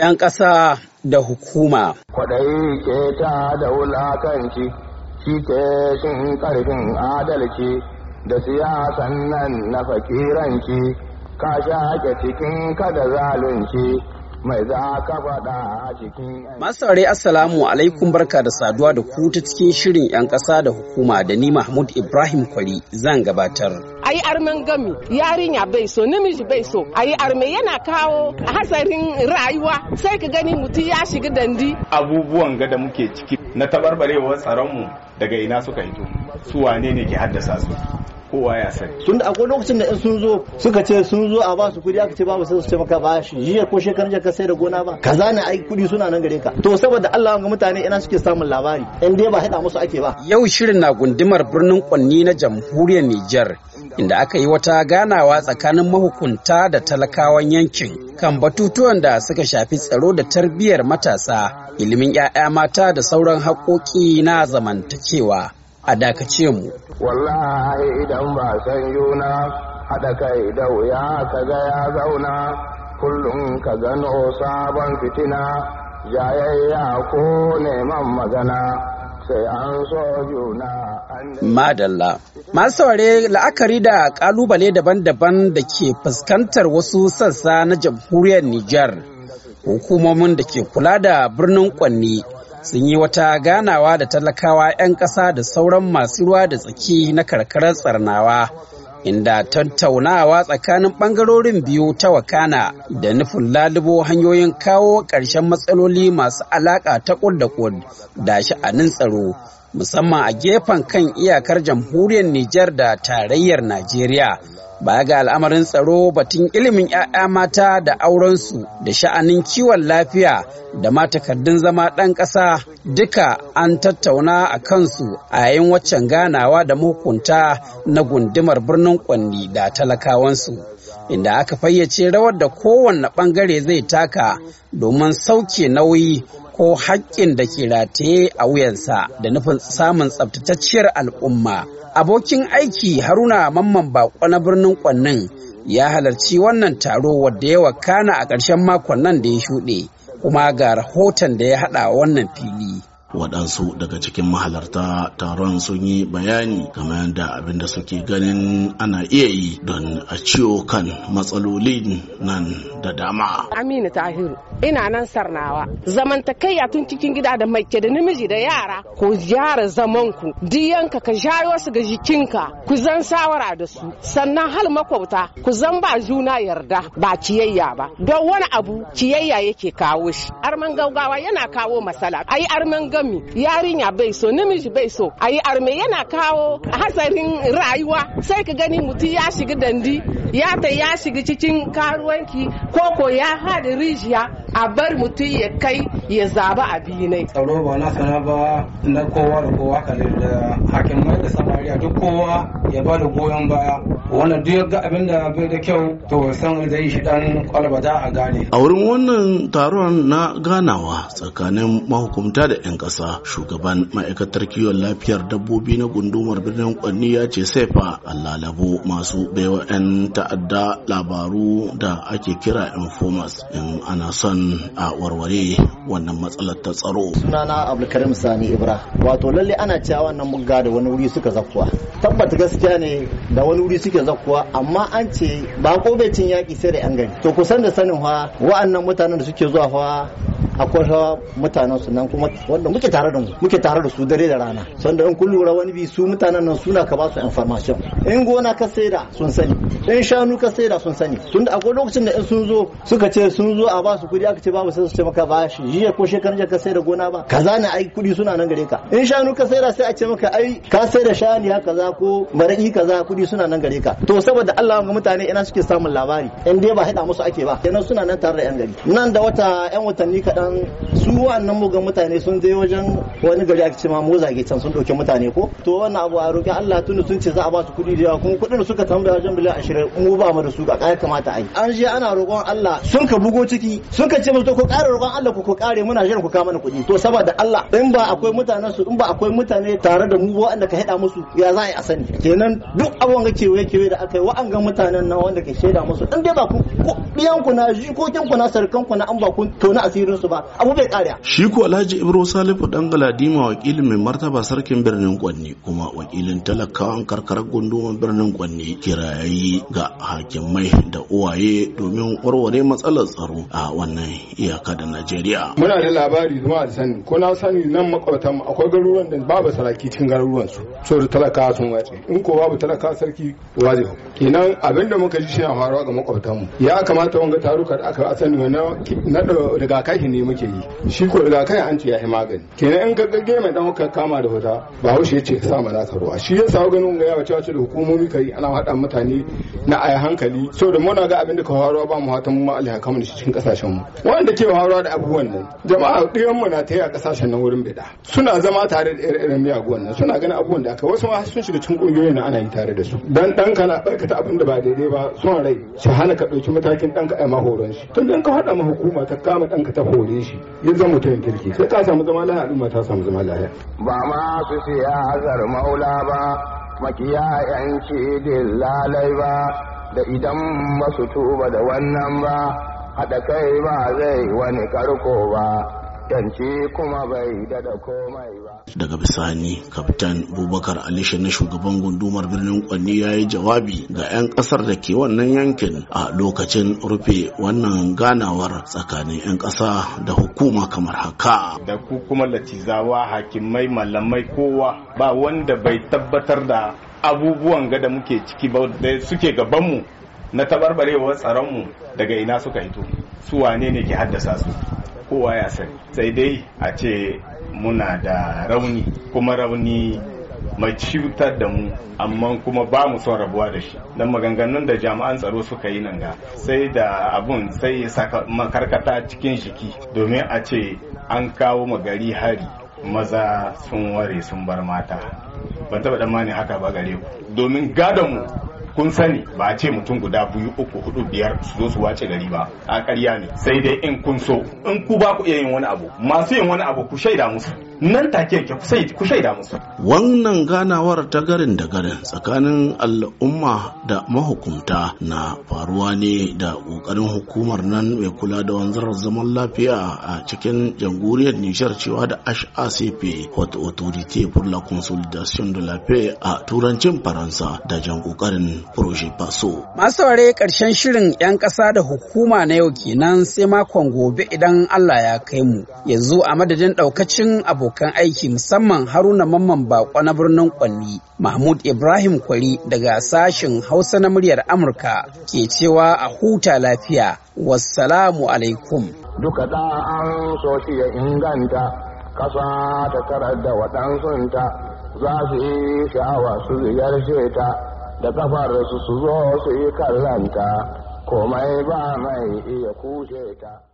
'yan ƙasa da hukuma. Kwaɗayi ke ta da wulakanci, shi ke shin ƙarfin adalci da siyasan nan na fakiranci, ka shaƙe cikin kada zalunci. mai Masu saurare Assalamu alaikum barka da saduwa da ku ta cikin shirin 'yan ƙasa da hukuma da ni Mahmud Ibrahim Kwari zan gabatar. A yi armen gami yarinya bai so namiji bai so a yi arme yana kawo hatsarin rayuwa sai ka gani mutum ya shiga dandi. Abubuwan gada muke ciki na tabarbarewa tsaronmu daga ina suka hito su wane ne ke haddasa su kowa ya sani tunda akwai lokacin da in sun zo suka ce sun zo a basu kudi aka ce babu sai su ce maka bashi jiya ko shekaran jiya ka sai da gona ba kaza ne ai kudi suna nan gare ka to saboda Allah ga mutane ina suke samun labari in dai ba haɗa musu ake ba yau shirin na gundumar birnin Kwanni na jamhuriyar Nijar inda aka yi wata ganawa tsakanin mahukunta da talakawan yankin kan batutuwan da suka shafi tsaro da tarbiyyar matasa ilimin 'ya'ya mata da sauran haƙoƙi na zamantakewa a dakace mu wallahi idan ba san yuna haɗa kai da wuya ka ga ya zauna kullum ka gano sabon fitina jayayya ko neman magana sai an so Madalla. Masu saurare la'akari da kalubale daban-daban da ke fuskantar wasu sassa na jamhuriyar Nijar, hukumomin da ke kula da birnin Kwanni sun yi wata ganawa da talakawa 'yan ƙasa da sauran masu ruwa da tsaki na karkarar tsarnawa inda tattaunawa tsakanin ɓangarorin biyu ta wakana da nufin lalubo hanyoyin kawo ƙarshen matsaloli masu alaƙa ta ƙud da da sha'anin tsaro musamman a gefen kan iyakar jamhuriyar Nijar da tarayyar Najeriya. Baya ga al'amarin tsaro batun ilimin 'ya'ya mata da aurensu da sha'anin kiwon lafiya da ma takardun zama ɗan ƙasa duka an tattauna a kansu a yayin waccan ganawa da mukunta na gundumar birnin kwanni da talakawansu inda aka fayyace rawar da kowanne ɓangare zai taka domin sauke nauyi ko haƙƙin da ke rataye a wuyansa da nufin samun tsabtatacciyar al'umma. Abokin aiki Haruna Mamman Bako na birnin Kwannin ya halarci wannan taro wadda ya wakana a ƙarshen makon nan da ya shuɗe, kuma ga rahoton da ya haɗa wannan fili. waɗansu daga cikin mahalarta taron sun yi bayani game da abin da suke ganin ana iya yi don a ciwo kan matsalolin nan da dama aminu tahiru ina nan sarnawa zamantakayya tun cikin gida da mace da namiji da yara ko gyara zamanku diyanka ka jayo su ga jikinka ku zan sawara da su sannan hal makwabta ku zan ba juna yarda ba ciyayya ba don wani abu ciyayya yake kawo shi arman gaugawa yana kawo masala ai arman gam mi yarinya bai so namiji bai so a yi arme yana kawo hatsarin rayuwa sai ka gani mutum ya shiga dandi ya ta ya shiga cikin karuwanki koko ya haɗa rijiya a bar mutum ya kai ya zaba a biyu ne. tsaro ba na sana ba na kowa da kowa kalin da hakimai kowa ya ba da goyon baya wannan duk ga abin da bai da kyau to san zai shi dan kwalbata a gane a wurin wannan taron na ganawa tsakanin mahukumta da 'yan ƙasa shugaban ma'aikatar kiwon lafiyar dabbobi na gundumar birnin kwanni ya ce sai fa allalabo masu baiwa 'yan ta'adda labaru da ake kira informers in ana son a warware wannan matsalar ta tsaro sunana abdulkarim sani ibra wato lalle ana cewa wannan buga da wani wuri suka zakuwa tabbata gaskiya ne da wani wuri suke zakkuwa amma an ce ba ko bai cin yaki sai da yan gari to kusan da sanin wa wa'annan mutanen da suke zuwa fa akwai rawa mutanen su nan kuma wanda muke tare da mu muke tare da su dare da rana sanda in kun lura wani bi su mutanen nan suna ka ba su information in gona ka saida sun sani in shanu ka saida sun sani tunda akwai lokacin da in sun zo suka ce sun zo a ba su kudi aka ce babu sai su ce maka ba shi jiya ko shekaran jiya ka saida gona ba kaza ne ai kudi suna nan gare ka in shanu ka saida sai a ce maka ai ka saida shani ya kaza ko maraki kaza kudi suna nan gare ka to saboda Allah ga mutane ina suke samun labari in dai ba haɗa musu ake ba kenan suna nan tare da yan gari nan da wata yan watanni kaɗan kenan su wannan mugan mutane sun je wajen wani gari a ce ma zage can sun dauke mutane ko to wannan abu a roƙi Allah tunu sun ce za a ba su kuɗi da yawa kuma kuɗin suka tambaya wajen biliyan 20 mu ba mu da su ga kai kamata a yi an je ana roƙon Allah sun ka bugo ciki sun ka ce to ko ƙara roƙon Allah ku ku ƙare muna jiran ku kama mana kuɗi to saboda Allah in ba akwai mutanen su in ba akwai mutane tare da mu waɗanda ka haɗa musu ya za a yi a sani kenan duk abun ga kewaye kewaye da aka yi wa'angan mutanen nan wanda ke shaida musu in dai ba ku biyan ku na jikokin ku na sarkan ku na an ba to na asirin su ba ba abu bai kariya shi ko Alhaji Ibro Salifu dan Galadima wakilin mai martaba sarkin birnin Kwanni kuma wakilin talakawan karkarar gunduman birnin Kwanni kirayayi ga hakimai da uwaye domin warware matsalar tsaro a wannan iyaka da Najeriya muna da labari zuwa sani ko na sani nan makwabtan akwai garuruwan da babu saraki cikin garuruwan su so da sun wace in ko babu talakawa sarki waje kenan abinda muka ji shi na faruwa ga makwabtan mu ya kamata wanga taruka da aka sani na daga rigakafi ne muke yi shi ko kai an ce ya yi magani kenan in ka mai dan ka kama da wata ba wuce ya ce sa ma nasa ruwa shi ya sa ganin ga yawa cewa da hukumomi kai ana hada mutane na ayi hankali saboda muna ga abin da ka faruwa ba mu hatan mu allah ya kama shi cikin kasashen mu wanda ke faruwa da abubuwan nan jama'a ɗiyan mu na ta a kasashen nan wurin bida suna zama tare da irin miyaguwan nan suna ganin abubuwan da aka wasu ma sun shiga cikin kungiyoyin nan ana yi tare da su dan dan kana barkata abin da ba daidai ba son rai shi hana ka dauki matakin ka a mahoron shi tun dan ka hada ma hukuma ta kama ka ta hore gare shi ya zama mutumin kirki sai ka samu zama lahiya al'umma ta samu zama lahiya ba ma su hazar maula ba makiya yanci dillalai ba da idan ba su tuba da wannan ba haɗa kai ba zai wani karko ba Daga bisani, Kaftan Bubakar Alisha na shugaban gundumar birnin Kwanni ya yi jawabi ga 'yan kasar da ke wannan yankin a lokacin rufe wannan ganawar tsakanin 'yan kasa da hukuma kamar haka. Da ku kuma latizawa hakimai malamai kowa ba wanda bai tabbatar da abubuwan gada muke ciki ba da suke gabanmu na tabarbarewar tsaronmu daga ina suka hito su wane ne ke haddasa su kowa ya sani sai dai a ce muna da rauni kuma rauni mai cutar da mu amma kuma ba mu son rabuwa da shi don maganganun da jami'an tsaro suka yi nan ga sai da abun sai ya saka makarkata cikin shiki domin a ce an kawo magari hari maza sun ware sun bar mata ban taba da mani haka ba gare ku domin gadonmu kun sani ba a ce mutum guda biyu uku hudu biyar su zo su wace gari ba a ƙarya ne sai dai in kun so in ku ba ku iya yin wani abu masu yin wani abu ku shaida musu nan take ku shaida musu. Wannan ganawar ta garin da garin tsakanin al'umma da mahukumta na faruwa ne da ƙoƙarin hukumar nan mai kula da wanzar zaman lafiya a cikin jamhuriyar Nijar cewa da HACP wato Autorité pour la Consolidation de la Paix a turancin Faransa da jan kokarin Projet Paso. Masu saurare ƙarshen shirin 'yan ƙasa da hukuma na yau kenan sai makon gobe idan Allah ya kai mu. Yanzu a madadin ɗaukacin abu abokan aiki musamman Haruna Mamman Bako na birnin Kwanni, Mahmud Ibrahim Kwari daga sashen Hausa na muryar Amurka ke cewa a huta lafiya. Wassalamu alaikum. Duka da an so ya inganta, kasa ta karar da waɗansunta za su yi sha'awa su ziyarce ta da kafar su su zo su yi kallanta, komai ba mai iya kushe ta.